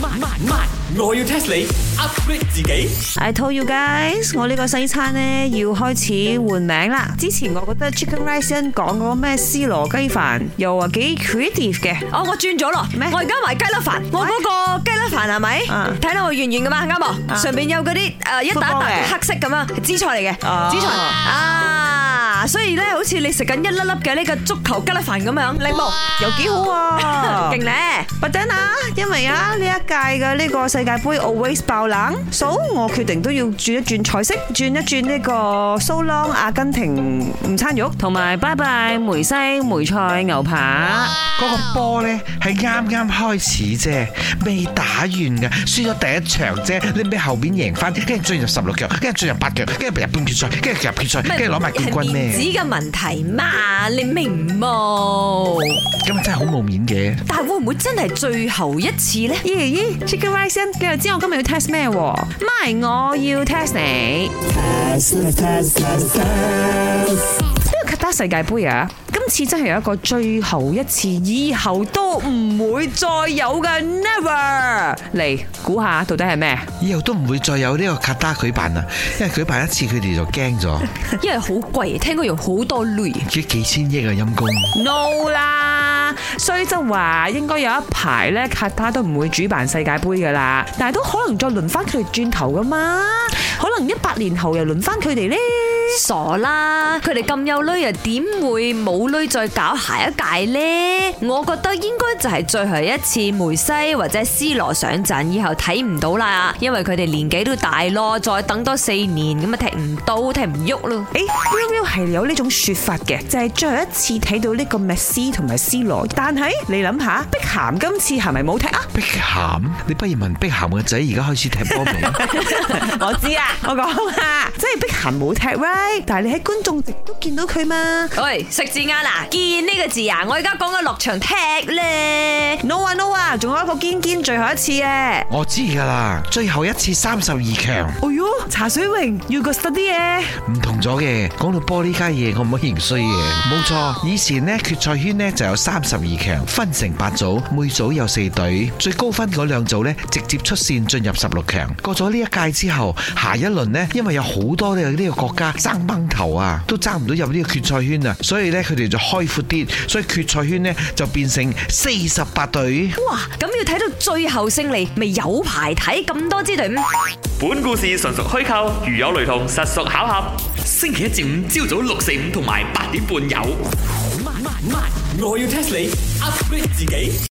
My, my, my. 我要 test 你 upgrade 自己。I told you guys，我呢個西餐咧要開始換名啦。之前我覺得 Chicken Rice 講嗰個咩絲羅雞飯又話幾 creative 嘅，哦我轉咗咯。咩、uh.？我而家賣雞粒飯，我嗰個雞粒飯係咪？睇到圓圓噶嘛，啱唔？上邊有嗰啲誒一大一大嘅黑色咁啊，紫 Football 嗎菜嚟嘅，紫、uh. 菜啊。Uh. Uh. 啊、所以咧，好似你食緊一粒粒嘅呢個足球吉拉飯咁樣，靚木哇 有幾好喎、啊 吧，勁咧 But then 啊！因為啊，呢一屆嘅呢個世界盃 always 爆冷，所、so, 我決定都要轉一轉菜式，轉一轉呢個 So Long 阿根廷午餐肉同埋拜拜梅西梅菜牛扒哇 呢。嗰個波咧係啱啱開始啫，未打完嘅，輸咗第一場啫，你唔俾後邊贏翻，跟住進入十六強，跟住進入八強，跟住入，入半決賽，跟住入決賽，跟住攞埋冠軍咧。在面 紙嘅問題嘛，你明冇？今日真係好冇面嘅。但係會唔會真係最後一次咧？咦咦 h e c k i e Wilson，你又知我今日要 test 咩？唔係，我要 test 你。test test test test。呢個 c u t t i 次真係有一個最後一次，以後都唔會再有嘅。Never 嚟估下，猜猜到底係咩？以後都唔會再有呢個卡塔舉辦啦，因為舉辦一次佢哋就驚咗，因為好貴，聽講用好多雷，幾千億嘅陰公。No 啦，雖則話應該有一排咧，卡塔都唔會主辦世界盃噶啦，但係都可能再輪翻佢哋轉頭噶嘛，可能一百年後又輪翻佢哋咧。傻啦！佢哋咁有女啊，又點會冇女再搞下一屆呢？我覺得應該就係最後一次梅西或者 C 羅上陣，以後睇唔到啦，因為佢哋年紀都大咯，再等多四年咁啊踢唔到，踢唔喐咯。誒、欸，係、欸、有呢種說法嘅，就係、是、最後一次睇到呢個梅西同埋 C 羅。但係你諗下，碧咸今次係咪冇踢啊？碧咸，你不如問碧咸嘅仔而家開始踢波未 我知啊，我講下，真係碧咸冇踢啦。但係你喺觀眾席都見到佢嘛？喂，食字眼啦，見呢個字啊！我而家講嘅落場踢咧，no 啊 no 啊，仲有一個堅堅、啊，最後一次嘅。我知噶啦，最後一次三十二強。哎喲，茶水榮要個 study 嘅、啊，唔同咗嘅。講到波呢家嘢，我唔可以衰嘅。冇錯，以前咧決賽圈咧就有三十二強，分成八組，每組有四隊，最高分嗰兩組咧直接出線進入十六強。過咗呢一屆之後，下一輪咧，因為有好多嘅呢個國家。爭崩頭啊，都爭唔到入呢個決賽圈啊，所以咧佢哋就開闊啲，所以決賽圈咧就變成四十八隊。哇，咁要睇到最後勝利，咪有排睇咁多支隊伍。本故事純屬虛構，如有雷同，實屬巧合。星期一至五朝早六四五同埋八點半有。我要 test 你，upgrade 自己。